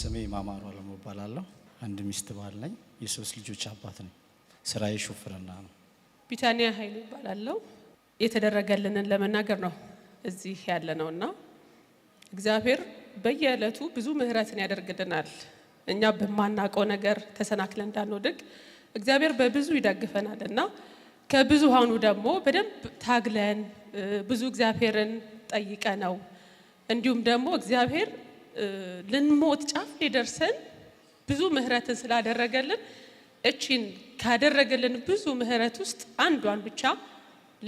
ስሜ ማማሩ አለሙ እባላለሁ። አንድ ሚስት ባል ነኝ። የሶስት ልጆች አባት ነኝ። ስራዬ ሹፍርና ነው። ቢታኒያ ኃይሉ እባላለሁ። የተደረገልንን ለመናገር ነው እዚህ ያለ ነው እና እግዚአብሔር በየዕለቱ ብዙ ምህረትን ያደርግልናል። እኛ በማናውቀው ነገር ተሰናክለን እንዳንወድቅ እግዚአብሔር በብዙ ይደግፈናል እና ከብዙሃኑ ደግሞ በደንብ ታግለን ብዙ እግዚአብሔርን ጠይቀ ነው እንዲሁም ደግሞ እግዚአብሔር ልንሞት ጫፍ ሊደርሰን ብዙ ምህረትን ስላደረገልን እቺን ካደረገልን ብዙ ምህረት ውስጥ አንዷን ብቻ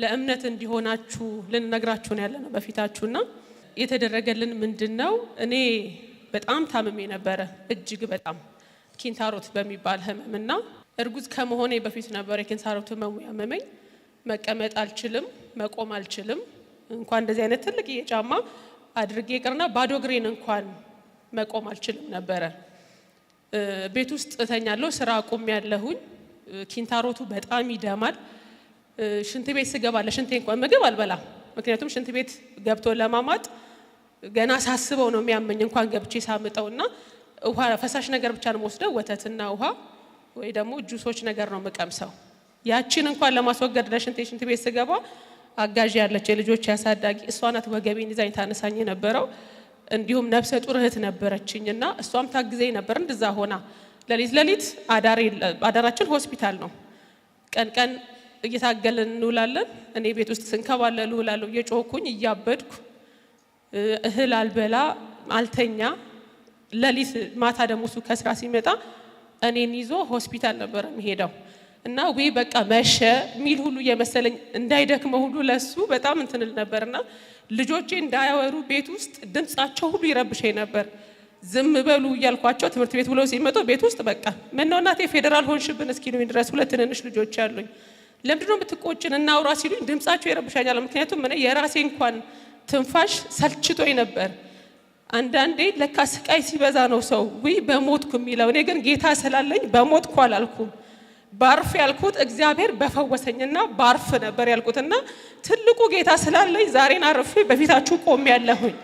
ለእምነት እንዲሆናችሁ ልንነግራችሁ ነው ያለ ነው በፊታችሁና የተደረገልን ምንድን ነው? እኔ በጣም ታምሜ ነበረ፣ እጅግ በጣም ኪንታሮት በሚባል ህመምና እርጉዝ ከመሆኔ በፊት ነበር የኪንታሮት ህመሙ ያመመኝ። መቀመጥ አልችልም፣ መቆም አልችልም። እንኳን እንደዚህ አይነት ትልቅ ጫማ አድርጌ ቅርና ባዶ እንኳን መቆም አልችልም ነበረ። ቤት ውስጥ እተኛለሁ፣ ስራ አቁም ያለሁኝ። ኪንታሮቱ በጣም ይደማል። ሽንት ቤት ስገባ ለሽንቴ እንኳን ምግብ አልበላ፣ ምክንያቱም ሽንት ቤት ገብቶ ለማማጥ ገና ሳስበው ነው የሚያመኝ። እንኳን ገብቼ ሳምጠውና ውሃ ፈሳሽ ነገር ብቻ ነው የምወስደው፣ ወተትና ውሃ ወይ ደግሞ ጁሶች ነገር ነው የምቀምሰው። ያቺን እንኳን ለማስወገድ ለሽንቴ ሽንት ቤት ስገባ አጋዥ ያለች የልጆች ያሳዳጊ እሷ ናት ወገቤን ይዛኝ ታነሳኝ የነበረው። እንዲሁም ነፍሰ ጡር እህት ነበረችኝ እና እሷም ታግዜ ነበር። እንደዛ ሆና ለሊት ለሊት አዳራችን ሆስፒታል ነው። ቀን ቀን እየታገልን እንውላለን። እኔ ቤት ውስጥ ስንከባለል እውላለሁ፣ እየጮኩኝ እያበድኩ እህል አልበላ አልተኛ። ለሊት ማታ ደግሞ እሱ ከስራ ሲመጣ እኔን ይዞ ሆስፒታል ነበር የሚሄደው። እና ውይ በቃ መሸ ሚል ሁሉ የመሰለኝ እንዳይደክመ ሁሉ ለሱ በጣም እንትንል ነበርና ልጆቼ እንዳያወሩ ቤት ውስጥ ድምጻቸው ሁሉ ይረብሸኝ ነበር። ዝም በሉ እያልኳቸው ትምህርት ቤት ብለው ሲመጡ ቤት ውስጥ በቃ ምነው እናቴ ፌዴራል ሆንሽብን ነው ድረስ ሁለት ትንንሽ ልጆች አሉኝ። ለምንድነው የምትቆጭን? እናውራ ሲሉኝ ድምጻቸው ይረብሻኛል። ምክንያቱም እኔ የራሴ እንኳን ትንፋሽ ሰልችቶኝ ነበር። አንዳንዴ ለካ ስቃይ ሲበዛ ነው ሰው ውይ በሞትኩ የሚለው። እኔ ግን ጌታ ስላለኝ በሞትኩ አላልኩም። ባርፍ ያልኩት እግዚአብሔር በፈወሰኝና ባርፍ ነበር ያልኩትና ትልቁ ጌታ ስላለኝ ዛሬን አርፌ በፊታችሁ ቆም ያለሁኝ።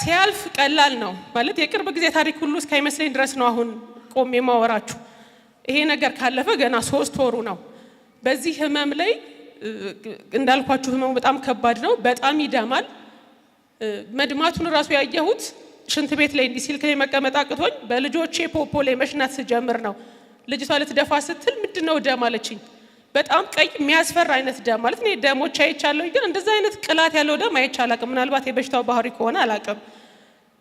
ሲያልፍ ቀላል ነው ማለት የቅርብ ጊዜ ታሪክ ሁሉ እስካይመስለኝ ድረስ ነው አሁን ቆሜ ማወራችሁ። ይሄ ነገር ካለፈ ገና ሶስት ወሩ ነው። በዚህ ህመም ላይ እንዳልኳችሁ ህመሙ በጣም ከባድ ነው። በጣም ይደማል። መድማቱን እራሱ ያየሁት ሽንት ቤት ላይ እንዲህ ሲል ከኔ መቀመጥ አቅቶኝ በልጆቼ ፖፖ ላይ መሽናት ስጀምር ነው። ልጅቷ ልትደፋ ስትል ምንድን ነው ደም አለችኝ። በጣም ቀይ የሚያስፈራ አይነት ደም ማለት እኔ ደሞች አይቻለሁ፣ ግን እንደዛ አይነት ቅላት ያለው ደም አላቅም። ምናልባት የበሽታው ባህሪ ከሆነ አላቅም።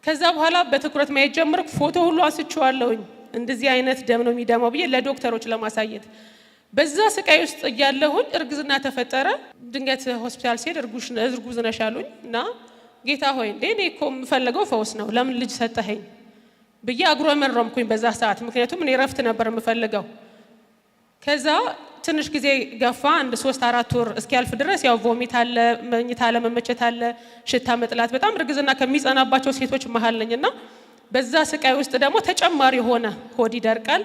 ከዛ በኋላ በትኩረት ማየት ጀመርኩ። ፎቶ ሁሉ አንስቼዋለሁኝ። እንደዚህ አይነት ደም ነው የሚደማው ብዬ ለዶክተሮች ለማሳየት በዛ ስቃይ ውስጥ እያለሁኝ እርግዝና ተፈጠረ። ድንገት ሆስፒታል ሲሄድ እርጉዝ ነሽ አሉኝ እና ጌታ ሆይ እንዴ እኔ እኮ የምፈልገው ፈውስ ነው፣ ለምን ልጅ ሰጠኸኝ ብዬ አጉረመረምኩኝ በዛ ሰዓት። ምክንያቱም እኔ ረፍት ነበር የምፈልገው። ከዛ ትንሽ ጊዜ ገፋ፣ አንድ ሶስት አራት ወር እስኪያልፍ ድረስ ያው ቮሚት አለ፣ መኝታ አለመመቸት አለ፣ ሽታ መጥላት። በጣም እርግዝና ከሚጸናባቸው ሴቶች መሀል ነኝና በዛ ስቃይ ውስጥ ደግሞ ተጨማሪ የሆነ ሆድ ይደርቃል፣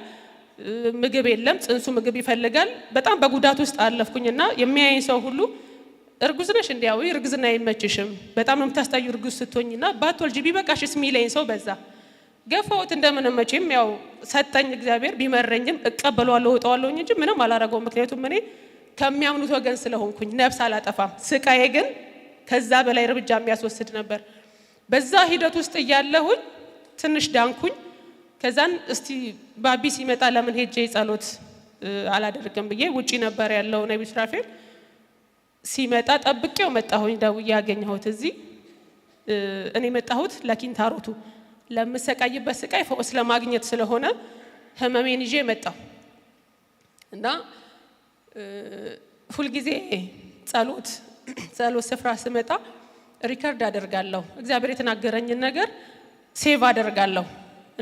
ምግብ የለም፣ ጽንሱ ምግብ ይፈልጋል። በጣም በጉዳት ውስጥ አለፍኩኝና የሚያየኝ ሰው ሁሉ እርጉዝ ነሽ እንዲያው እርግዝና አይመችሽም፣ በጣም የምታስታዩ እርጉዝ ስትሆኝና ባትወልጂ ቢበቃሽስ ሚለኝ ሰው በዛ ገፋሁት። እንደምን መቼም ያው ሰጠኝ እግዚአብሔር። ቢመረኝም እቀበለዋለሁ እወጣዋለሁኝ እንጂ ምንም አላረገው። ምክንያቱም እኔ ከሚያምኑት ወገን ስለሆንኩኝ ነፍስ አላጠፋም። ስቃዬ ግን ከዛ በላይ እርምጃ የሚያስወስድ ነበር። በዛ ሂደት ውስጥ እያለሁኝ ትንሽ ዳንኩኝ። ከዛን እስቲ ባቢ ሲመጣ ለምን ሄጄ ጸሎት አላደርግም ብዬ ውጪ ነበር ያለው ነቢ ስራፌል ሲመጣ ጠብቄው መጣሁኝ። ደውዬ ያገኘሁት እዚህ እኔ መጣሁት ለኪንታሮቱ ለምሰቃይበት ስቃይ ፈውስ ለማግኘት ስለሆነ ህመሜን ይዤ መጣሁ እና ሁልጊዜ ጸሎት ጸሎት ስፍራ ስመጣ ሪከርድ አደርጋለሁ። እግዚአብሔር የተናገረኝን ነገር ሴቭ አደርጋለሁ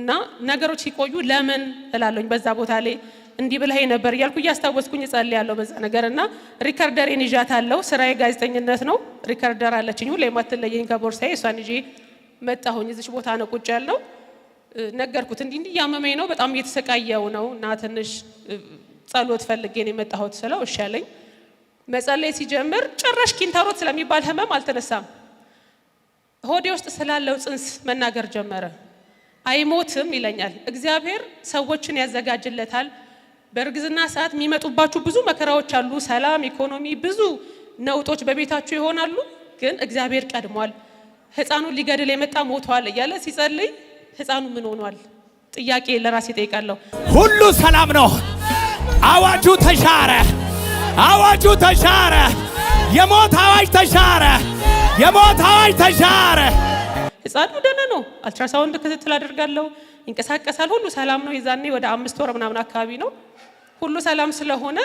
እና ነገሮች ሲቆዩ ለምን እላለኝ በዛ ቦታ ላይ እንዲህ ብለኸኝ ነበር እያልኩ እያስታወስኩኝ እጸልያለሁ በዛ ነገር እና ሪከርደሬን ይዣታለሁ። ስራዬ ጋዜጠኝነት ነው። ሪከርደር አለችኝ ሁሌ የማትለየኝ ከቦርሳዬ። እሷን ይዤ መጣሁኝ። እዚች ቦታ ነው ቁጭ ያለው። ነገርኩት እንዲህ እንዲህ ያመመኝ ነው፣ በጣም እየተሰቃየው ነው እና ትንሽ ጸሎት ፈልጌ ነው የመጣሁት ስለው እሺ አለኝ። መጸለይ ሲጀምር ጭራሽ ኪንታሮት ስለሚባል ህመም አልተነሳም። ሆዴ ውስጥ ስላለው ጽንስ መናገር ጀመረ። አይሞትም ይለኛል እግዚአብሔር፣ ሰዎችን ያዘጋጅለታል በእርግዝና ሰዓት የሚመጡባችሁ ብዙ መከራዎች አሉ። ሰላም፣ ኢኮኖሚ፣ ብዙ ነውጦች በቤታችሁ ይሆናሉ። ግን እግዚአብሔር ቀድሟል። ህፃኑን ሊገድል የመጣ ሞቷል እያለ ሲጸልይ ህፃኑ ምን ሆኗል? ጥያቄ ለራሴ ጠይቃለሁ። ሁሉ ሰላም ነው። አዋጁ ተሻረ። አዋጁ ተሻረ። የሞት አዋጅ ተሻረ። የሞት አዋጅ ተሻረ። ህፃኑ ደህና ነው። አልትራሳውንድ ክትትል አደርጋለሁ። ይንቀሳቀሳል። ሁሉ ሰላም ነው። የዛኔ ወደ አምስት ወር ምናምን አካባቢ ነው። ሁሉ ሰላም ስለሆነ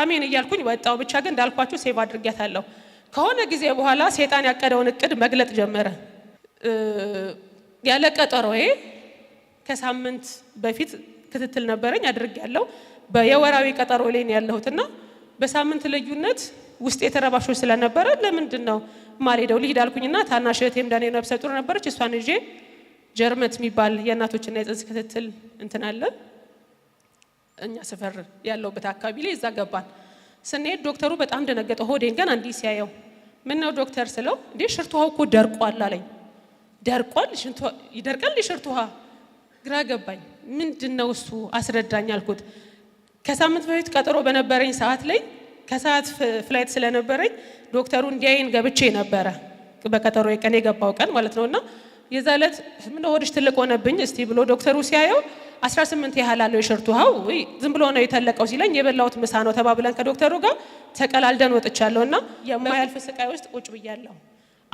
አሜን እያልኩኝ ወጣው። ብቻ ግን እንዳልኳችሁ ሴቭ አድርጌታለሁ። ከሆነ ጊዜ በኋላ ሴጣን ያቀደውን እቅድ መግለጥ ጀመረ። ያለ ቀጠሮዬ ከሳምንት በፊት ክትትል ነበረኝ አድርግ ያለው በየወራዊ ቀጠሮ ላይ ነው ያለሁትና በሳምንት ልዩነት ውስጥ የተረባሾ ስለነበረ ለምንድን ነው ማልሄደው ልሂድ አልኩኝና ታናሽ እህቴም ዳኔ ነብሰ ጡር ነበረች እሷን ይዤ ጀርመት የሚባል የእናቶችና የጽንስ ክትትል እንትን አለ። እኛ ስፈር ያለውበት አካባቢ ላይ እዛ ገባን። ስንሄድ ዶክተሩ በጣም ደነገጠ። ሆዴን ግን አንዲ ሲያየው ምን ነው ዶክተር ስለው እንዴ ሽርት ውሃ እኮ ደርቋል አለኝ። ደርቋል ይደርቃል ሽርት ውሃ? ግራ ገባኝ። ምንድን ነው እሱ አስረዳኝ አልኩት። ከሳምንት በፊት ቀጠሮ በነበረኝ ሰዓት ላይ ከሰዓት ፍላይት ስለነበረኝ ዶክተሩ እንዲያይን ገብቼ ነበረ። በቀጠሮ የቀን የገባው ቀን ማለት ነውና የዛ ዕለት ምን ሆድሽ ትልቅ ሆነብኝ እስቲ ብሎ ዶክተሩ ሲያየው 18 ያህል አለው የሽርቱ ውሃው። ወይ ዝም ብሎ ነው የተለቀው ሲለኝ የበላሁት ምሳ ነው ተባብለን ከዶክተሩ ጋር ተቀላልደን ወጥቻለሁና የማያልፍ ስቃይ ውስጥ ቁጭ ብያለሁ።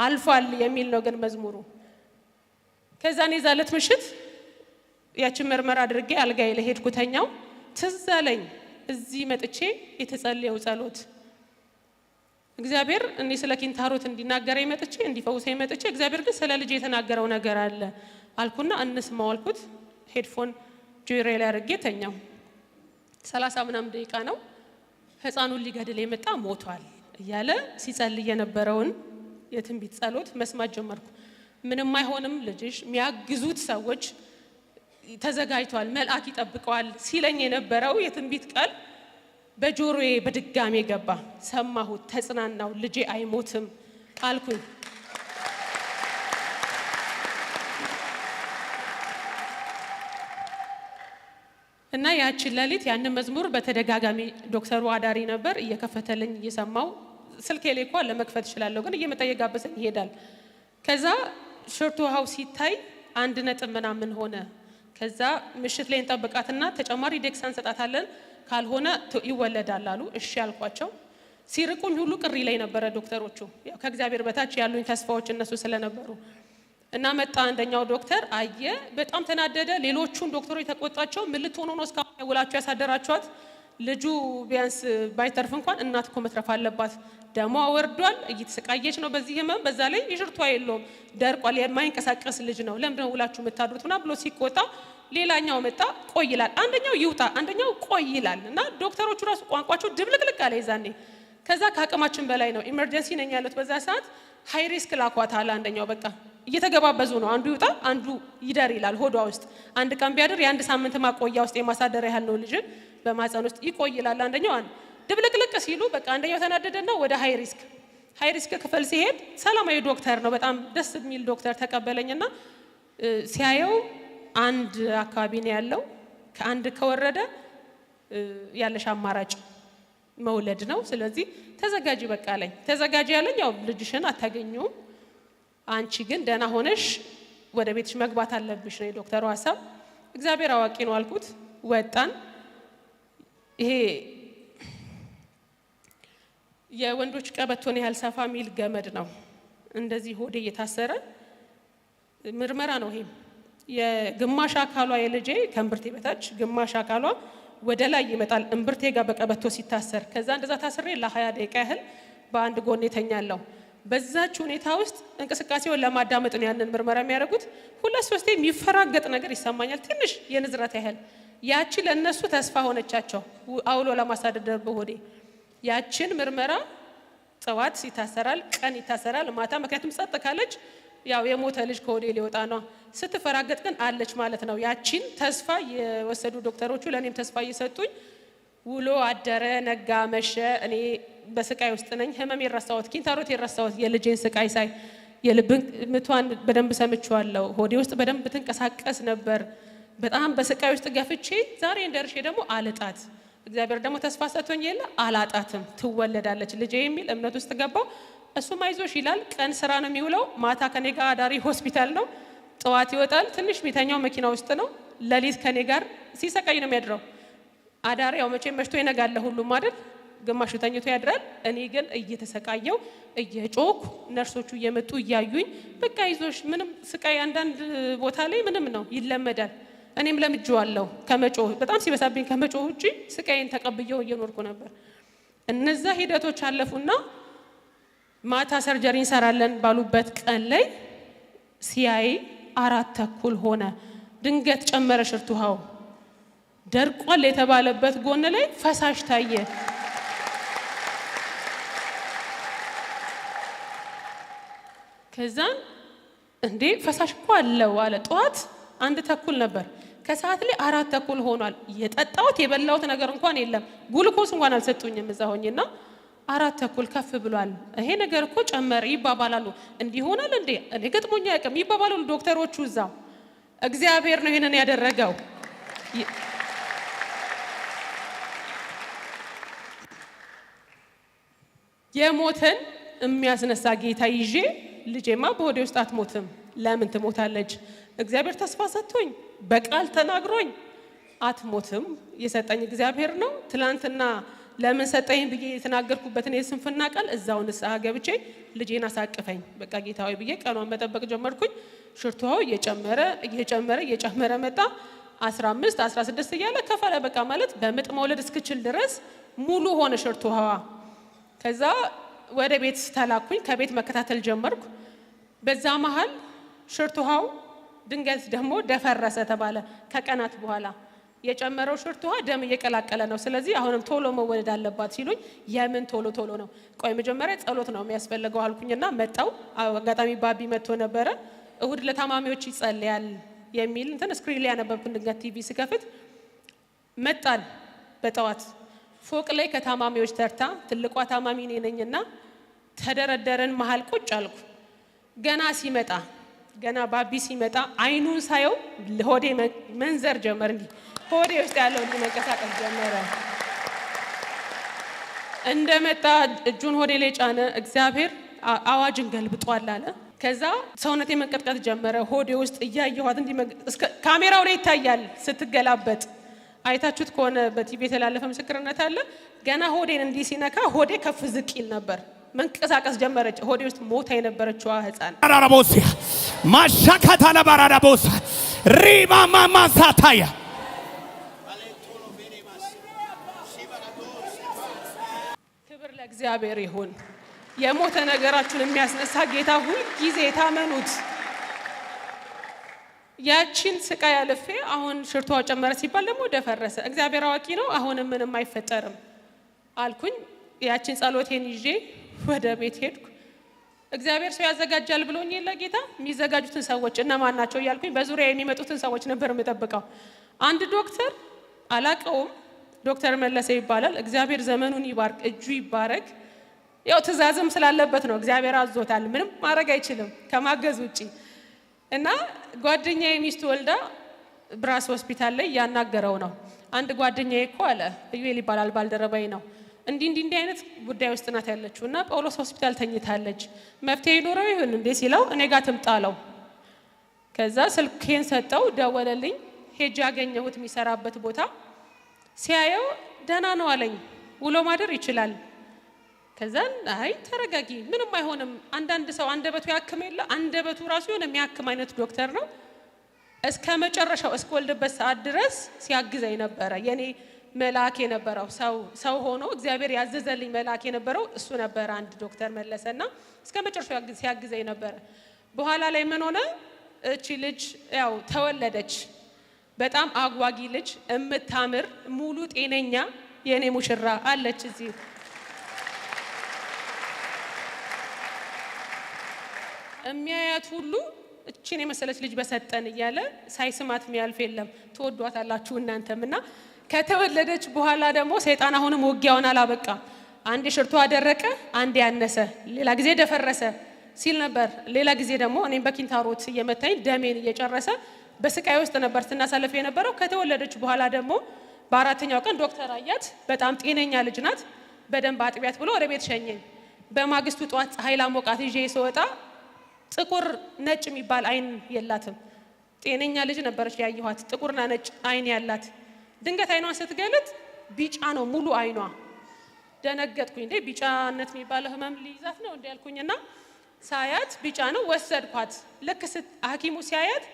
አልፏል የሚል ነው ግን መዝሙሩ። ከዛን የዛ ዕለት ምሽት ያችን ምርመራ አድርጌ አልጋዬ ለሄድኩ ተኛው። ትዝ አለኝ እዚህ መጥቼ የተጸለየው ጸሎት እግዚአብሔር እኔ ስለ ኪንታሮት እንዲናገረ መጥቼ እንዲፈውሰኝ መጥቼ እግዚአብሔር ግን ስለ ልጅ የተናገረው ነገር አለ አልኩና እንስማው አልኩት። ሄድፎን ጆሮዬ ላይ አድርጌ ተኛው። ሰላሳ ምናምን ደቂቃ ነው ህፃኑን ሊገድል የመጣ ሞቷል እያለ ሲጸልይ የነበረውን የትንቢት ጸሎት መስማት ጀመርኩ። ምንም አይሆንም ልጅሽ፣ የሚያግዙት ሰዎች ተዘጋጅቷል፣ መልአክ ይጠብቀዋል ሲለኝ የነበረው የትንቢት ቃል በጆሮዬ በድጋሜ ገባ። ሰማሁት፣ ተጽናናሁ ልጄ አይሞትም አልኩኝ። እና ያችን ሌሊት ያንን መዝሙር በተደጋጋሚ ዶክተሩ አዳሪ ነበር እየከፈተልኝ እየሰማው ስልኬ ላይ እንኳን ለመክፈት እችላለሁ፣ ግን እየመጣ እየጋበዘኝ ይሄዳል። ከዛ ሽርቱ ውሃው ሲታይ አንድ ነጥብ ምናምን ሆነ። ከዛ ምሽት ላይ እንጠብቃትና ተጨማሪ ዴክሳ እንሰጣታለን ካልሆነ ይወለዳል አሉ። እሺ ያልኳቸው ሲርቁኝ ሁሉ ቅሪ ላይ ነበረ ዶክተሮቹ። ከእግዚአብሔር በታች ያሉኝ ተስፋዎች እነሱ ስለነበሩ እና መጣ። አንደኛው ዶክተር አየ፣ በጣም ተናደደ። ሌሎቹን ዶክተሮች ተቆጣቸው። ምን ልትሆኑ ነው እስካሁን ውላችሁ ያሳደራችኋት ልጁ ቢያንስ ባይተርፍ እንኳን እናት እኮ መትረፍ አለባት። ደሟ ወርዷል፣ እየተሰቃየች ነው በዚህ ህመም። በዛ ላይ ይሽርቷ የለውም ደርቋል፣ የማይንቀሳቀስ ልጅ ነው። ለምንድን ነው ውላችሁ የምታድሩት? ምናምን ብሎ ሲቆጣ ሌላኛው መጣ ቆይ ይላል፣ አንደኛው ይውጣ፣ አንደኛው ቆይ ይላል። እና ዶክተሮቹ ራሱ ቋንቋቸው ድብልቅልቅ አለ ይዛኔ። ከዛ ከአቅማችን በላይ ነው ኢመርጀንሲ ነኝ ያሉት በዛ ሰዓት። ሀይ ሪስክ ላኳታል። አንደኛው። በቃ እየተገባበዙ ነው፣ አንዱ ይውጣ፣ አንዱ ይደር ይላል ሆዷ ውስጥ። አንድ ቀን ቢያድር የአንድ ሳምንት ማቆያ ውስጥ የማሳደር ያህል ነው ልጅን በማህፀን ውስጥ ይቆይላል። አንደኛው አንድ ድብልቅልቅ ሲሉ በቃ አንደኛው ተናደደና ወደ ሃይ ሪስክ ሃይ ሪስክ ክፍል ሲሄድ ሰላማዊ ዶክተር ነው፣ በጣም ደስ የሚል ዶክተር ተቀበለኝና ሲያየው አንድ አካባቢ ነው ያለው። ከአንድ ከወረደ ያለሽ አማራጭ መውለድ ነው። ስለዚህ ተዘጋጂ በቃ አለኝ። ተዘጋጂ ያለኝ ያው ልጅሽን አታገኘውም፣ አንቺ ግን ደህና ሆነሽ ወደ ቤትሽ መግባት አለብሽ ነው የዶክተሩ ሀሳብ። እግዚአብሔር አዋቂ ነው አልኩት። ወጣን። ይሄ የወንዶች ቀበቶን ያህል ሰፋ የሚል ገመድ ነው። እንደዚህ ሆዴ እየታሰረ ምርመራ ነው። ይሄም የግማሽ አካሏ የልጄ ከእምብርቴ በታች ግማሽ አካሏ ወደ ላይ ይመጣል፣ እምብርቴ ጋር በቀበቶ ሲታሰር። ከዛ እንደዛ ታስሬ ለ ደቂቃ ያህል በአንድ ጎን የተኛለው። በዛች ሁኔታ ውስጥ እንቅስቃሴውን ለማዳመጥ ነው ያንን ምርመራ የሚያደርጉት። ሁለት ሶስቴ የሚፈራገጥ ነገር ይሰማኛል፣ ትንሽ የንዝረት ያህል ያቺ ለእነሱ ተስፋ ሆነቻቸው። አውሎ ለማሳደደር በሆዴ ያችን ምርመራ ጠዋት ይታሰራል፣ ቀን ይታሰራል፣ ማታ ምክንያቱም ጸጥ ካለች ያው የሞተ ልጅ ከሆዴ ሊወጣ ነው። ስትፈራገጥ ግን አለች ማለት ነው። ያቺን ተስፋ የወሰዱ ዶክተሮቹ ለእኔም ተስፋ እየሰጡኝ ውሎ አደረ፣ ነጋ፣ መሸ። እኔ በስቃይ ውስጥ ነኝ። ህመም የረሳሁት ኪንታሮት የረሳሁት የልጄን ስቃይ ሳይ የልብን ምቷን በደንብ ሰምቼዋለሁ። ሆዴ ውስጥ በደንብ ትንቀሳቀስ ነበር። በጣም በስቃይ ውስጥ ገፍቼ ዛሬ እንደርሼ ደግሞ አልጣት እግዚአብሔር ደግሞ ተስፋ ሰጥቶኝ የለ አላጣትም፣ ትወለዳለች ልጅ የሚል እምነት ውስጥ ገባው። እሱም አይዞሽ ይላል። ቀን ስራ ነው የሚውለው፣ ማታ ከኔ ጋር አዳሪ ሆስፒታል ነው። ጠዋት ይወጣል። ትንሽ የሚተኛው መኪና ውስጥ ነው። ለሊት ከኔ ጋር ሲሰቃይ ነው የሚያድረው። አዳሪ ያው መቼ መሽቶ ይነጋለ ሁሉም አይደል፣ ግማሹ ተኝቶ ያድራል። እኔ ግን እየተሰቃየው እየጮኩ ነርሶቹ እየመጡ እያዩኝ፣ በቃ ይዞሽ ምንም ስቃይ አንዳንድ ቦታ ላይ ምንም ነው ይለመዳል እኔም ለምጄዋለሁ ከመጮ በጣም ሲበሳብኝ ከመጮ ውጪ ስቃይን ተቀብየው እየኖርኩ ነበር። እነዛ ሂደቶች አለፉና ማታ ሰርጀሪ እንሰራለን ባሉበት ቀን ላይ ሲያይ አራት ተኩል ሆነ። ድንገት ጨመረ ሽርት ውሃው ደርቋል የተባለበት ጎን ላይ ፈሳሽ ታየ። ከዛን እንዴ ፈሳሽ እኮ አለው አለ ጠዋት አንድ ተኩል ነበር። ከሰዓት ላይ አራት ተኩል ሆኗል። የጠጣሁት የበላሁት ነገር እንኳን የለም። ጉልኮስ እንኳን አልሰጡኝም እዛ ሆኜና አራት ተኩል ከፍ ብሏል። ይሄ ነገር እኮ ጨመር ይባባላሉ። እንዲህ ሆናል እንዴ እኔ ገጥሞኛ ያቅም ይባባላሉ ዶክተሮቹ እዛ። እግዚአብሔር ነው ይሄንን ያደረገው። የሞትን የሚያስነሳ ጌታ ይዤ ልጄማ በወዴ ውስጥ አትሞትም፣ ለምን ትሞታለች? እግዚአብሔር ተስፋ ሰጥቶኝ በቃል ተናግሮኝ አትሞትም የሰጠኝ እግዚአብሔር ነው። ትላንትና ለምን ሰጠኝ ብዬ የተናገርኩበትን የስንፍና ቃል እዛው ንስሐ ገብቼ ልጄን አሳቅፈኝ በቃ ጌታዊ ብዬ ቀኗን መጠበቅ ጀመርኩኝ። ሽርቷው እየጨመረ እየጨመረ እየጨመረ መጣ። 15 16 እያለ ከፈለ። በቃ ማለት በምጥ መውለድ እስክችል ድረስ ሙሉ ሆነ ሽርቷዋ። ከዛ ወደ ቤት ተላኩኝ። ከቤት መከታተል ጀመርኩ። በዛ መሀል ሽርቷው ድንገት ደግሞ ደፈረሰ ተባለ። ከቀናት በኋላ የጨመረው ሽርት ውሃ ደም እየቀላቀለ ነው፣ ስለዚህ አሁንም ቶሎ መወለድ አለባት ሲሉኝ፣ የምን ቶሎ ቶሎ ነው? ቆይ መጀመሪያ ጸሎት ነው የሚያስፈልገው አልኩኝና መጣው። አጋጣሚ ባቢ መጥቶ ነበረ። እሁድ ለታማሚዎች ይጸልያል የሚል እንትን ስክሪን ላይ ያነበብኩን። ድንገት ቲቪ ስከፍት መጣን። በጠዋት ፎቅ ላይ ከታማሚዎች ተርታ ትልቋ ታማሚ እኔ ነኝና ተደረደረን መሀል ቁጭ አልኩ። ገና ሲመጣ ገና ባቢ ሲመጣ አይኑን ሳየው ሆዴ መንዘር ጀመር። እንዲ ሆዴ ውስጥ ያለው እንዲ መንቀሳቀስ ጀመረ። እንደመጣ እጁን ሆዴ ላይ ጫነ። እግዚአብሔር አዋጅን ገልብጧል አለ። ከዛ ሰውነቴ መንቀጥቀጥ ጀመረ። ሆዴ ውስጥ እያየኋት እንዲህ ካሜራው ላይ ይታያል ስትገላበጥ። አይታችሁት ከሆነ በቲቪ የተላለፈ ምስክርነት አለ። ገና ሆዴን እንዲህ ሲነካ ሆዴ ከፍ ዝቅ ይል ነበር። መንቀሳቀስ ጀመረች። ሆዴ ውስጥ ሞታ የነበረችዋ ህፃን አራራቦስ ማሻካታ ለባራራቦስ ሪባ ክብር ለእግዚአብሔር ይሁን። የሞተ ነገራችሁን የሚያስነሳ ጌታ ሁልጊዜ ጊዜ የታመኑት ያቺን ስቃይ አልፌ አሁን ሽርቷ ጨመረ ሲባል ደግሞ ደፈረሰ። እግዚአብሔር አዋቂ ነው። አሁንም ምንም አይፈጠርም አልኩኝ። ያቺን ጸሎቴን ይዤ ወደ ቤት ሄድኩ። እግዚአብሔር ሰው ያዘጋጃል ብሎኝ የለ ጌታ የሚዘጋጁትን ሰዎች እነማን ናቸው እያልኩኝ በዙሪያ የሚመጡትን ሰዎች ነበር የምጠብቀው። አንድ ዶክተር አላቀውም፣ ዶክተር መለሰ ይባላል። እግዚአብሔር ዘመኑን ይባርክ፣ እጁ ይባረክ። ያው ትእዛዝም ስላለበት ነው እግዚአብሔር አዞታል። ምንም ማድረግ አይችልም ከማገዝ ውጪ እና ጓደኛ ሚስት ወልዳ ብራስ ሆስፒታል ላይ ያናገረው ነው። አንድ ጓደኛ እኮ አለ፣ ኢዩኤል ይባላል ባልደረባይ ነው እንዲህ እንዲህ እንዲህ አይነት ጉዳይ ውስጥ ናት ያለችው እና ጳውሎስ ሆስፒታል ተኝታለች፣ መፍትሄ ይኖረው ይሁን እንዴ ሲለው እኔ ጋር ትምጣለው። ከዛ ስልኬን ሰጠው፣ ደወለልኝ። ሄጄ ያገኘሁት የሚሰራበት ቦታ ሲያየው ደህና ነው አለኝ። ውሎ ማደር ይችላል። ከዛን አይ ተረጋጊ፣ ምንም አይሆንም። አንዳንድ ሰው አንደበቱ ያክም የለ አንደበቱ ራሱ የሆነ የሚያክም አይነት ዶክተር ነው። እስከ መጨረሻው እስከ ወልድበት ሰዓት ድረስ ሲያግዘኝ ነበረ የኔ መልአክ የነበረው ሰው ሆኖ እግዚአብሔር ያዘዘልኝ መልአክ የነበረው እሱ ነበረ። አንድ ዶክተር መለሰና እስከ መጨረሻው ሲያግዘኝ ነበረ። በኋላ ላይ ምን ሆነ? እቺ ልጅ ያው ተወለደች። በጣም አጓጊ ልጅ፣ እምታምር ሙሉ ጤነኛ የእኔ ሙሽራ አለች እዚህ የሚያያት ሁሉ እችን የመሰለች ልጅ በሰጠን እያለ ሳይስማት የሚያልፍ የለም። ትወዷታላችሁ እናንተም እና ከተወለደች በኋላ ደግሞ ሰይጣን አሁንም ውጊያውን አላበቃ። አንዴ ሽርቶ አደረቀ፣ አንዴ ያነሰ፣ ሌላ ጊዜ ደፈረሰ ሲል ነበር። ሌላ ጊዜ ደግሞ እኔም በኪንታሮት እየመታኝ ደሜን እየጨረሰ በስቃይ ውስጥ ነበር ስናሳልፍ የነበረው። ከተወለደች በኋላ ደግሞ በአራተኛው ቀን ዶክተር አያት፣ በጣም ጤነኛ ልጅ ናት፣ በደንብ አጥቢያት ብሎ ወደ ቤት ሸኘኝ። በማግስቱ ጠዋት ፀሐይ ላሞቃት ይዤ ስወጣ ጥቁር ነጭ የሚባል አይን የላትም። ጤነኛ ልጅ ነበረች ያየኋት፣ ጥቁርና ነጭ አይን ያላት ድንገት አይኗን ስትገልጥ ቢጫ ነው ሙሉ አይኗ። ደነገጥኩኝ። እንዴ ቢጫነት የሚባለው ህመም ሊይዛት ነው እንዲ ያልኩኝና ሳያት ቢጫ ነው ወሰድኳት። ልክ ሐኪሙ ሲያያት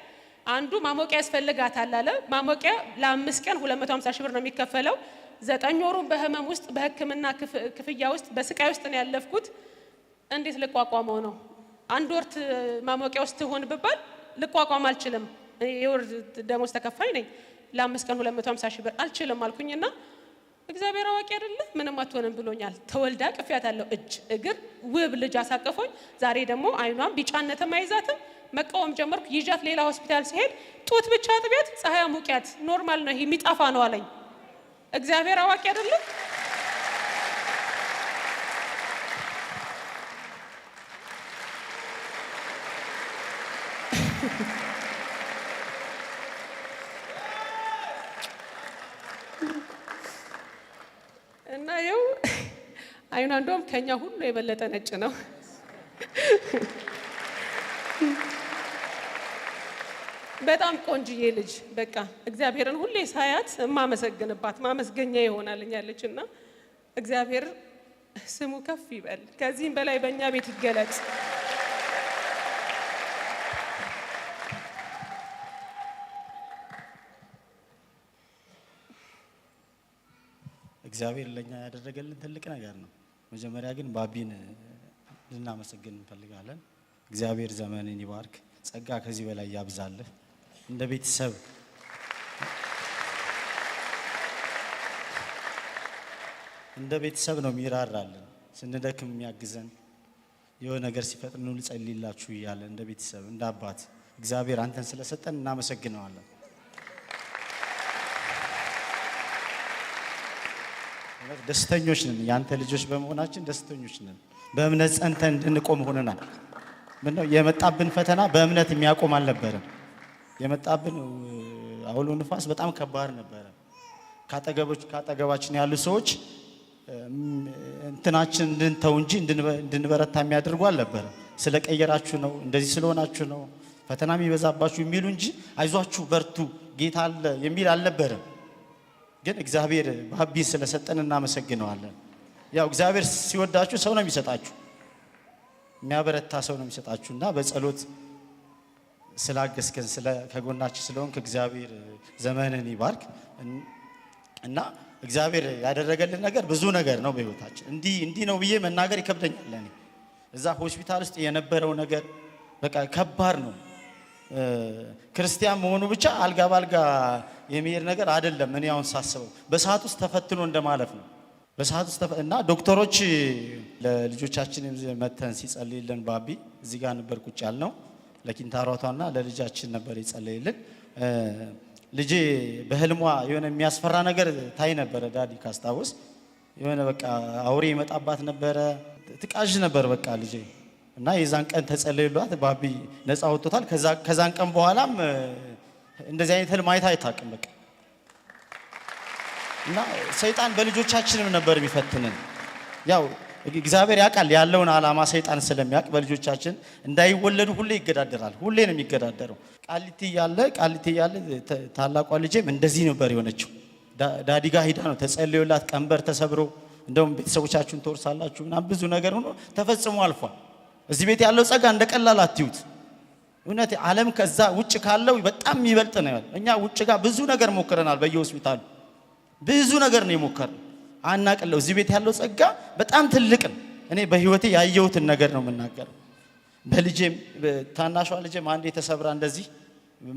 አንዱ ማሞቂያ ያስፈልጋታል አለ። ማሞቂያ ለአምስት ቀን 250 ሺህ ብር ነው የሚከፈለው። ዘጠኝ ወሩን በህመም ውስጥ በህክምና ክፍያ ውስጥ በስቃይ ውስጥ ነው ያለፍኩት። እንዴት ልቋቋመው ነው? አንድ ወር ማሞቂያ ውስጥ ትሆን ብባል ልቋቋም አልችልም። የወር ደሞዝ ተከፋይ ነኝ። ለአምስት ቀን 250 ሺህ ብር አልችልም አልኩኝና እግዚአብሔር አዋቂ አይደለ ምንም አትሆንም ብሎኛል። ተወልዳ ቅፍያት ያለው እጅ እግር ውብ ልጅ አሳቀፎኝ። ዛሬ ደግሞ አይኗን ቢጫነትም አይዛትም መቃወም ጀመርኩ። ይዣት ሌላ ሆስፒታል ሲሄድ ጡት ብቻ አጥቢያት፣ ፀሐይ ሙቂያት፣ ኖርማል ነው ይሄ የሚጠፋ ነው አለኝ። እግዚአብሔር አዋቂ አይደለም። አይኗ እንደውም ከኛ ሁሉ የበለጠ ነጭ ነው። በጣም ቆንጅዬ ልጅ በቃ እግዚአብሔርን ሁሌ ሳያት የማመሰግንባት ማመስገኛ ይሆናልኛለች እና እግዚአብሔር ስሙ ከፍ ይበል፣ ከዚህም በላይ በእኛ ቤት ይገለጽ እግዚአብሔር ለእኛ ያደረገልን ትልቅ ነገር ነው። መጀመሪያ ግን ባቢን ልናመሰግን እንፈልጋለን። እግዚአብሔር ዘመንን ይባርክ፣ ጸጋ ከዚህ በላይ ያብዛልህ። እንደ ቤተሰብ እንደ ቤተሰብ ነው የሚራራልን፣ ስንደክም የሚያግዘን፣ የሆነ ነገር ሲፈጥን እንጸልይላችሁ እያለ እንደ ቤተሰብ እንደ አባት እግዚአብሔር አንተን ስለሰጠን እናመሰግነዋለን። ደስተኞች ነን። ያንተ ልጆች በመሆናችን ደስተኞች ነን። በእምነት ጸንተን እንድንቆም ሆነናል። ምነው የመጣብን ፈተና በእምነት የሚያቆም አልነበረም። የመጣብን አውሎ ንፋስ በጣም ከባድ ነበረ። ካጠገባችን ያሉ ሰዎች እንትናችን እንድንተው እንጂ እንድንበረታ የሚያደርጉ አልነበረም። ስለ ነው፣ እንደዚህ ስለሆናችሁ ነው ፈተና የሚበዛባችሁ የሚሉ እንጂ አይዟችሁ በርቱ ጌታ አለ የሚል አልነበረም። ግን እግዚአብሔር ባቢ ስለሰጠን እናመሰግነዋለን። ያው እግዚአብሔር ሲወዳችሁ ሰው ነው የሚሰጣችሁ፣ የሚያበረታ ሰው ነው የሚሰጣችሁ እና በጸሎት ስላገዝከን ከጎናችን ስለሆንክ እግዚአብሔር ዘመንን ይባርክ እና እግዚአብሔር ያደረገልን ነገር ብዙ ነገር ነው በህይወታችን። እንዲህ እንዲህ ነው ብዬ መናገር ይከብደኛል። እዛ ሆስፒታል ውስጥ የነበረው ነገር በቃ ከባድ ነው። ክርስቲያን መሆኑ ብቻ አልጋ ባልጋ የሚሄድ ነገር አይደለም። እኔ አሁን ሳስበው በሰዓት ውስጥ ተፈትኖ እንደማለፍ ነው። በሰዓት ውስጥ እና ዶክተሮች ለልጆቻችን መተን ሲጸልይልን ባቢ እዚህ ጋር ነበር ቁጭ ያልነው። ለኪንታሯቷና ለልጃችን ነበር ይጸልይልን። ልጄ በህልሟ የሆነ የሚያስፈራ ነገር ታይ ነበረ። ዳዲ ካስታውስ የሆነ በቃ አውሬ ይመጣባት ነበረ። ትቃዥ ነበር በቃ ልጄ እና የዛን ቀን ተጸለዩላት ባቢ ነፃ ወጥቶታል። ከዛን ቀን በኋላም እንደዚህ አይነት ህልም አይታ አይታቅም። በቃ እና ሰይጣን በልጆቻችንም ነበር የሚፈትንን። ያው እግዚአብሔር ያውቃል ያለውን ዓላማ ሰይጣን ስለሚያውቅ በልጆቻችን እንዳይወለዱ ሁሌ ይገዳደራል። ሁሌ ነው የሚገዳደረው። ቃሊቲ ያለ ቃሊቲ ያለ ታላቋ ልጄም እንደዚህ ነበር የሆነችው። ዳዲጋ ሂዳ ነው ተጸልዮላት ቀንበር ተሰብሮ እንደውም ቤተሰቦቻችሁን ተወርሳላችሁ ምናምን ብዙ ነገር ሆኖ ተፈጽሞ አልፏል። እዚህ ቤት ያለው ጸጋ እንደ ቀላል አትዩት። እውነት ዓለም ከዛ ውጭ ካለው በጣም የሚበልጥ ነው። እኛ ውጭ ጋር ብዙ ነገር ሞክረናል። በየሆስፒታሉ ብዙ ነገር ነው የሞከርነው፣ አናቅለው። እዚህ ቤት ያለው ጸጋ በጣም ትልቅ ነው። እኔ በህይወቴ ያየሁትን ነገር ነው የምናገረው። በልጄም ታናሿ ልጄም አንዴ ተሰብራ እንደዚህ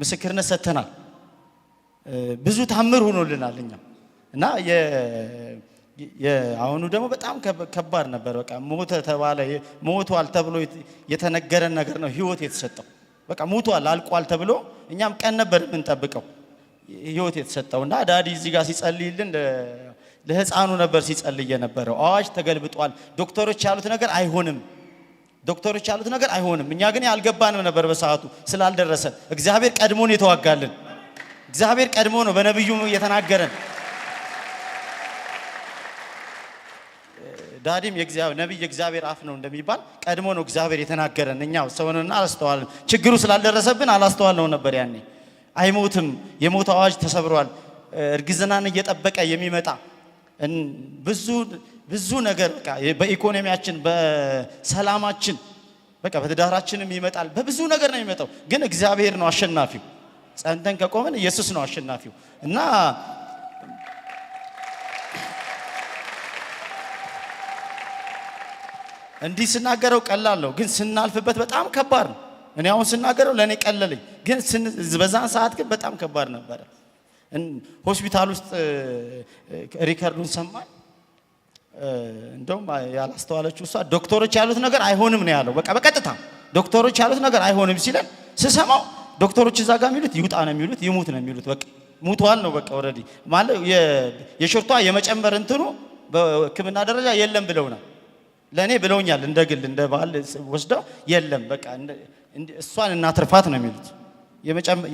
ምስክርነት ሰጥተናል። ብዙ ታምር ሆኖልናል እኛ እና አሁኑ ደግሞ በጣም ከባድ ነበር። በቃ ሞተ ተባለ። ሞቷል ተብሎ የተነገረን ነገር ነው ህይወት የተሰጠው። በቃ ሞቷል አልቋል ተብሎ እኛም ቀን ነበር የምንጠብቀው ህይወት የተሰጠው እና ዳዲ እዚህ ጋር ሲጸልይልን ለህፃኑ ነበር ሲጸልይ የነበረው። አዋጅ ተገልብጧል። ዶክተሮች ያሉት ነገር አይሆንም። ዶክተሮች ያሉት ነገር አይሆንም። እኛ ግን ያልገባንም ነበር በሰዓቱ ስላልደረሰን። እግዚአብሔር ቀድሞን የተዋጋልን። እግዚአብሔር ቀድሞ ነው በነቢዩ እየተናገረን ዳዲም ነቢይ የእግዚአብሔር አፍ ነው እንደሚባል ቀድሞ ነው እግዚአብሔር የተናገረን። እኛው ሰውንና አላስተዋልም። ችግሩ ስላልደረሰብን ነው ነበር። ያኔ አይሞትም፣ የሞት አዋጅ ተሰብሯል፣ እርግዝናን እየጠበቀ የሚመጣ ብዙ ብዙ ነገር በኢኮኖሚያችን፣ በሰላማችን፣ በቃ በትዳራችንም ይመጣል። በብዙ ነገር ነው የሚመጣው፣ ግን እግዚአብሔር ነው አሸናፊው። ጸንተን ከቆምን ኢየሱስ ነው አሸናፊው እና እንዲህ ስናገረው ቀላል ነው፣ ግን ስናልፍበት በጣም ከባድ ነው። እኔ አሁን ስናገረው ለእኔ ቀለለኝ፣ ግን በዛን ሰዓት ግን በጣም ከባድ ነበረ። ሆስፒታል ውስጥ ሪከርዱን ሰማኝ እንደውም ያላስተዋለችው እሷ ዶክተሮች ያሉት ነገር አይሆንም ነው ያለው። በቃ በቀጥታ ዶክተሮች ያሉት ነገር አይሆንም ሲለን ስሰማው ዶክተሮች እዛ ጋር የሚሉት ይውጣ ነው የሚሉት ይሙት ነው የሚሉት በቃ ሙቷል ነው በቃ ኦልሬዲ ማለት የሽርቷ የመጨመር እንትኑ በህክምና ደረጃ የለም ብለውናል። ለእኔ ብለውኛል። እንደ ግል እንደ ባህል ወስደው የለም በቃ እሷን እናትርፋት ነው የሚሉት።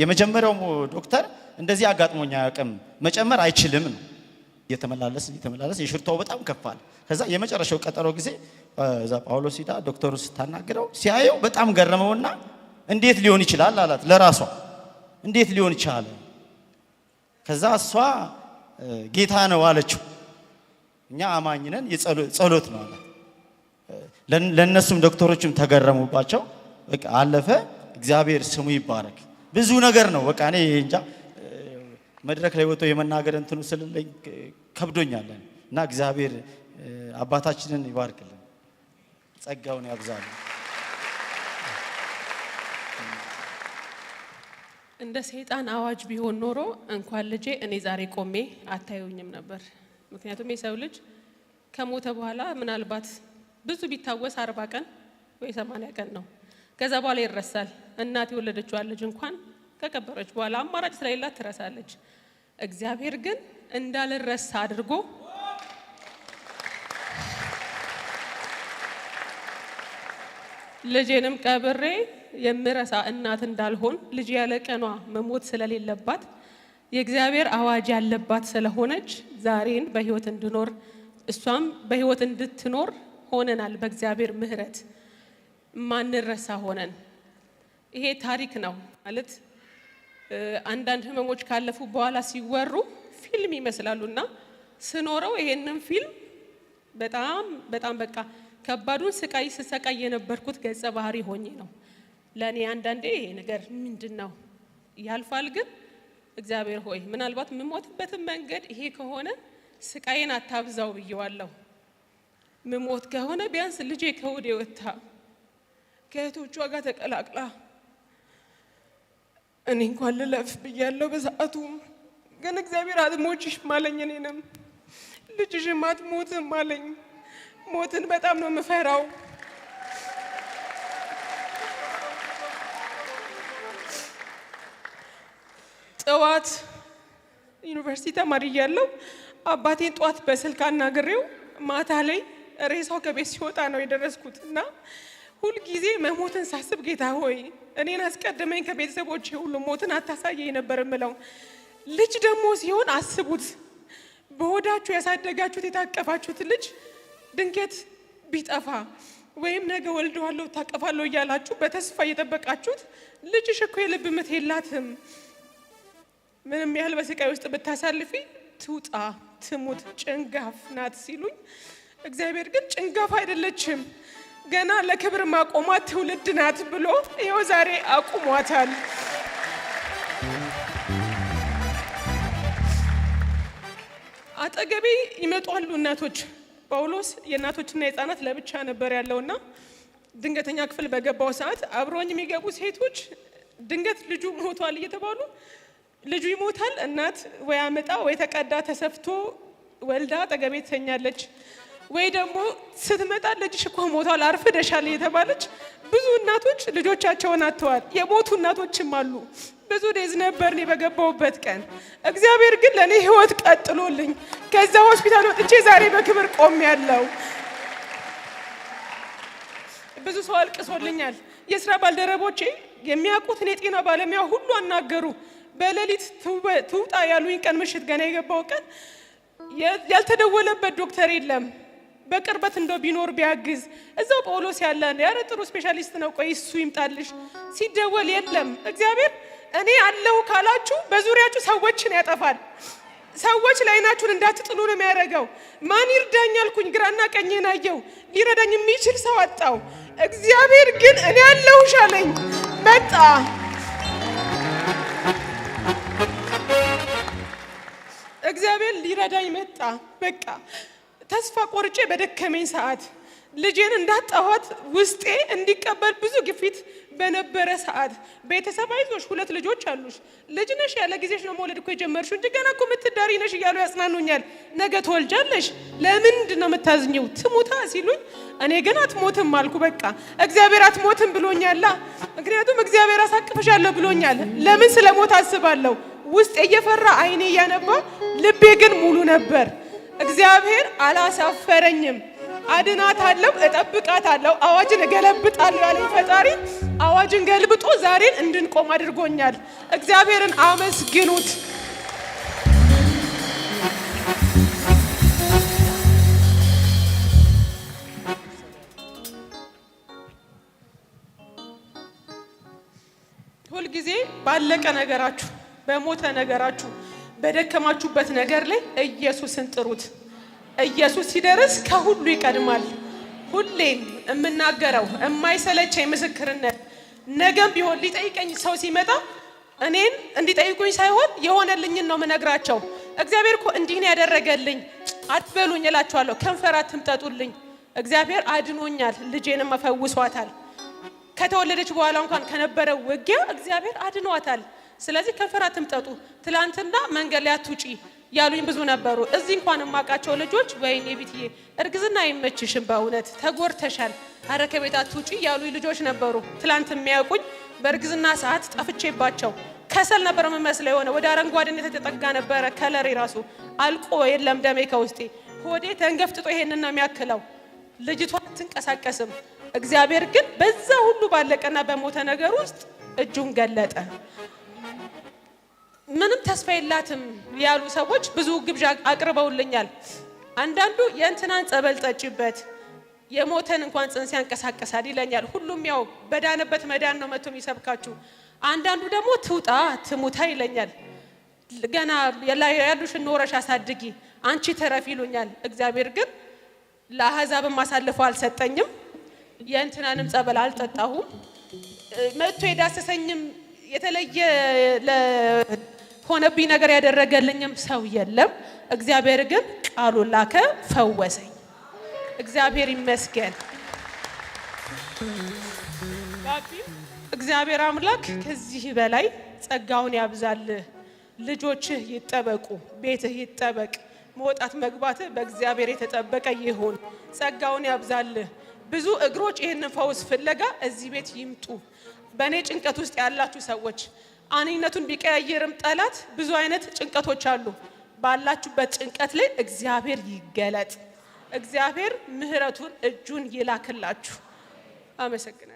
የመጀመሪያው ዶክተር እንደዚህ አጋጥሞኛ አያውቅም፣ መጨመር አይችልም ነው። እየተመላለስ እየተመላለስ የሽርታው በጣም ከፋል። ከዛ የመጨረሻው ቀጠሮ ጊዜ ዛ ጳውሎስ ሂዳ ዶክተሩ ስታናግረው ሲያየው በጣም ገረመውና እንዴት ሊሆን ይችላል አላት ለራሷ እንዴት ሊሆን ይቻለ? ከዛ እሷ ጌታ ነው አለችው። እኛ አማኝነን ጸሎት ነው አላት ለእነሱም ዶክተሮችም ተገረሙባቸው። በቃ አለፈ። እግዚአብሔር ስሙ ይባረክ። ብዙ ነገር ነው። በቃ እኔ እንጃ መድረክ ላይ ወጥቶ የመናገር እንትኑ ስለለኝ ከብዶኛለን እና እግዚአብሔር አባታችንን ይባርክልን፣ ጸጋውን ያብዛል። እንደ ሰይጣን አዋጅ ቢሆን ኖሮ እንኳን ልጄ እኔ ዛሬ ቆሜ አታዩኝም ነበር። ምክንያቱም የሰው ልጅ ከሞተ በኋላ ምናልባት ብዙ ቢታወስ አርባ ቀን ወይ ሰማንያ ቀን ነው። ከዛ በኋላ ይረሳል። እናት የወለደችዋን ልጅ እንኳን ከቀበረች በኋላ አማራጭ ስለሌላት ትረሳለች። እግዚአብሔር ግን እንዳልረሳ አድርጎ ልጄንም ቀብሬ የምረሳ እናት እንዳልሆን ልጅ ያለ ቀኗ መሞት ስለሌለባት የእግዚአብሔር አዋጅ ያለባት ስለሆነች ዛሬን በህይወት እንድኖር እሷም በህይወት እንድትኖር ሆነናል። በእግዚአብሔር ምሕረት ማንረሳ ሆነን ይሄ ታሪክ ነው ማለት አንዳንድ ህመሞች ካለፉ በኋላ ሲወሩ ፊልም ይመስላሉ እና ስኖረው ይሄንን ፊልም በጣም በጣም በቃ ከባዱን ስቃይ ስሰቃይ የነበርኩት ገጸ ባህሪ ሆኜ ነው። ለእኔ አንዳንዴ ይሄ ነገር ምንድን ነው ያልፋል፣ ግን እግዚአብሔር ሆይ ምናልባት የምሞትበትን መንገድ ይሄ ከሆነ ስቃይን አታብዛው ብየዋለሁ። ምሞት ከሆነ ቢያንስ ልጄ ከወደ ወታ ከእህቶቿ ጋር ተቀላቅላ እኔ እንኳን ልለፍ ብያለሁ። በሰዓቱ ግን እግዚአብሔር አትሞችሽ ማለኝ፣ እኔንም ልጅሽም አትሞትም አለኝ። ሞትን በጣም ነው የምፈራው። ጠዋት ዩኒቨርሲቲ ተማሪ እያለሁ አባቴን ጠዋት በስልክ አናግሬው ማታ ላይ ሬሳው ከቤት ሲወጣ ነው የደረስኩት እና ሁልጊዜ መሞትን ሳስብ ጌታ ሆይ እኔን አስቀድመኝ ከቤተሰቦች ሁሉ ሞትን አታሳየኝ ነበር ምለው። ልጅ ደግሞ ሲሆን አስቡት፣ በሆዳችሁ ያሳደጋችሁት የታቀፋችሁት ልጅ ድንገት ቢጠፋ ወይም ነገ ወልደዋለሁ ታቀፋለሁ እያላችሁ በተስፋ እየጠበቃችሁት ልጅሽ እኮ የልብ ምት የላትም፣ ምንም ያህል በስቃይ ውስጥ ብታሳልፊ ትውጣ ትሙት ጭንጋፍ ናት ሲሉኝ እግዚአብሔር ግን ጭንጋፍ አይደለችም፣ ገና ለክብር ማቆሟት ትውልድ ናት ብሎ ይኸው ዛሬ አቁሟታል። አጠገቤ ይመጧሉ እናቶች። ጳውሎስ የእናቶችና የህፃናት ለብቻ ነበር ያለውና ድንገተኛ ክፍል በገባው ሰዓት አብሮኝ የሚገቡ ሴቶች ድንገት ልጁ ሞቷል እየተባሉ ልጁ ይሞታል፣ እናት ወይ አመጣ ወይ ተቀዳ ተሰፍቶ ወልዳ አጠገቤ ትተኛለች። ወይ ደግሞ ስትመጣ ልጅሽ እኮ ሞቷል አርፍደሻል የተባለች ብዙ እናቶች ልጆቻቸውን አጥተዋል። የሞቱ እናቶችም አሉ። ብዙ ዴዝ ነበር እኔ በገባሁበት ቀን። እግዚአብሔር ግን ለእኔ ህይወት ቀጥሎልኝ ከዛ ሆስፒታል ወጥቼ ዛሬ በክብር ያለው ብዙ ሰው አልቅሶልኛል። የስራ ባልደረቦቼ እኔ የጤና ባለሙያ ሁሉ አናገሩ። በሌሊት ትውጣ ያሉኝ ቀን ምሽት ገና የገባው ቀን ያልተደወለበት ዶክተር የለም። በቅርበት እንደው ቢኖር ቢያግዝ እዛው ጳውሎስ ያለ ያረ ጥሩ ስፔሻሊስት ነው። ቆይ እሱ ይምጣልሽ። ሲደወል የለም። እግዚአብሔር እኔ አለሁ ካላችሁ በዙሪያችሁ ሰዎችን ያጠፋል። ሰዎች ላይናችሁን እንዳትጥሉ ነው የሚያደርገው። ማን ይርዳኝ አልኩኝ፣ ግራና ቀኝ አየው፣ ሊረዳኝ የሚችል ሰው አጣው። እግዚአብሔር ግን እኔ አለሁሽ አለኝ። መጣ። እግዚአብሔር ሊረዳኝ መጣ። በቃ ተስፋ ቆርጬ በደከመኝ ሰዓት ልጄን እንዳጣኋት ውስጤ እንዲቀበል ብዙ ግፊት በነበረ ሰዓት ቤተሰብ አይዞሽ፣ ሁለት ልጆች አሉሽ፣ ልጅ ነሽ፣ ያለ ጊዜሽ ነው መውለድ እኮ የጀመርሽው እንጂ ገና እኮ ምትዳሪ ነሽ እያሉ ያጽናኑኛል። ነገ ትወልጃለሽ፣ ለምንድን ነው የምታዝኘው? ትሙታ ሲሉኝ እኔ ግን አትሞትም አልኩ። በቃ እግዚአብሔር አትሞትም ብሎኛላ። ምክንያቱም እግዚአብሔር አሳቅፍሻለሁ ብሎኛል። ለምን ስለ ሞት አስባለሁ? ውስጥ እየፈራ አይኔ እያነባ ልቤ ግን ሙሉ ነበር። እግዚአብሔር አላሳፈረኝም። አድናታለሁ፣ እጠብቃታለሁ፣ አዋጅን እገለብጣለሁ ያለኝ ፈጣሪ አዋጅን ገልብጦ ዛሬን እንድንቆም አድርጎኛል። እግዚአብሔርን አመስግኑት። ሁልጊዜ ባለቀ ነገራችሁ፣ በሞተ ነገራችሁ በደከማችሁበት ነገር ላይ ኢየሱስን ጥሩት። ኢየሱስ ሲደርስ ከሁሉ ይቀድማል። ሁሌም የምናገረው የማይሰለቸኝ ምስክርነት ነገም ቢሆን ሊጠይቀኝ ሰው ሲመጣ እኔን እንዲጠይቁኝ ሳይሆን የሆነልኝን ነው ምነግራቸው። እግዚአብሔር እኮ እንዲህ ነው ያደረገልኝ አትበሉኝ እላችኋለሁ። ከንፈር አትምጠጡልኝ። እግዚአብሔር አድኖኛል፣ ልጄንም መፈውሷታል። ከተወለደች በኋላ እንኳን ከነበረው ውጊያ እግዚአብሔር አድኗታል። ስለዚህ ከንፈር አትምጠጡ። ትላንትና መንገድ ላይ አትውጪ ያሉኝ ብዙ ነበሩ። እዚህ እንኳን የማውቃቸው ልጆች ወይኔ ቤትዬ እርግዝና አይመችሽም፣ በእውነት ተጎድተሻል፣ አረ ከቤት አትውጪ ያሉኝ ልጆች ነበሩ። ትላንት የሚያውቁኝ በእርግዝና ሰዓት ጠፍቼባቸው ከሰል ነበር የምመስለው። የሆነ ወደ አረንጓዴነት የተጠጋ ነበረ ከለር ራሱ አልቆ የለም ደሜ ከውስጤ ሆዴ ተንገፍጥጦ ይሄንን ነው የሚያክለው። ልጅቷ አትንቀሳቀስም። እግዚአብሔር ግን በዛ ሁሉ ባለቀና በሞተ ነገር ውስጥ እጁን ገለጠ። ምንም ተስፋ የላትም ያሉ ሰዎች ብዙ ግብዣ አቅርበውልኛል። አንዳንዱ የእንትናን ጸበል ጠጭበት የሞተን እንኳን ጽንስ ያንቀሳቀሳል ይለኛል። ሁሉም ያው በዳነበት መዳን ነው መቶ የሚሰብካችሁ። አንዳንዱ ደግሞ ትውጣ ትሙታ ይለኛል። ገና ያሉሽ ኖረሽ አሳድጊ አንቺ ተረፍ ይሉኛል። እግዚአብሔር ግን ለአህዛብም አሳልፎ አልሰጠኝም። የእንትናንም ጸበል አልጠጣሁም። መቶ የዳሰሰኝም የተለየ ለሆነብኝ ነገር ያደረገልኝም ሰው የለም። እግዚአብሔር ግን ቃሉ ላከ፣ ፈወሰኝ። እግዚአብሔር ይመስገን። እግዚአብሔር አምላክ ከዚህ በላይ ጸጋውን ያብዛልህ። ልጆችህ ይጠበቁ፣ ቤትህ ይጠበቅ። መውጣት መግባትህ በእግዚአብሔር የተጠበቀ ይሁን። ጸጋውን ያብዛልህ። ብዙ እግሮች ይህንን ፈውስ ፍለጋ እዚህ ቤት ይምጡ። በእኔ ጭንቀት ውስጥ ያላችሁ ሰዎች አንነቱን ቢቀያየርም ጠላት ብዙ አይነት ጭንቀቶች አሉ። ባላችሁበት ጭንቀት ላይ እግዚአብሔር ይገለጥ። እግዚአብሔር ምሕረቱን እጁን ይላክላችሁ። አመሰግናለሁ።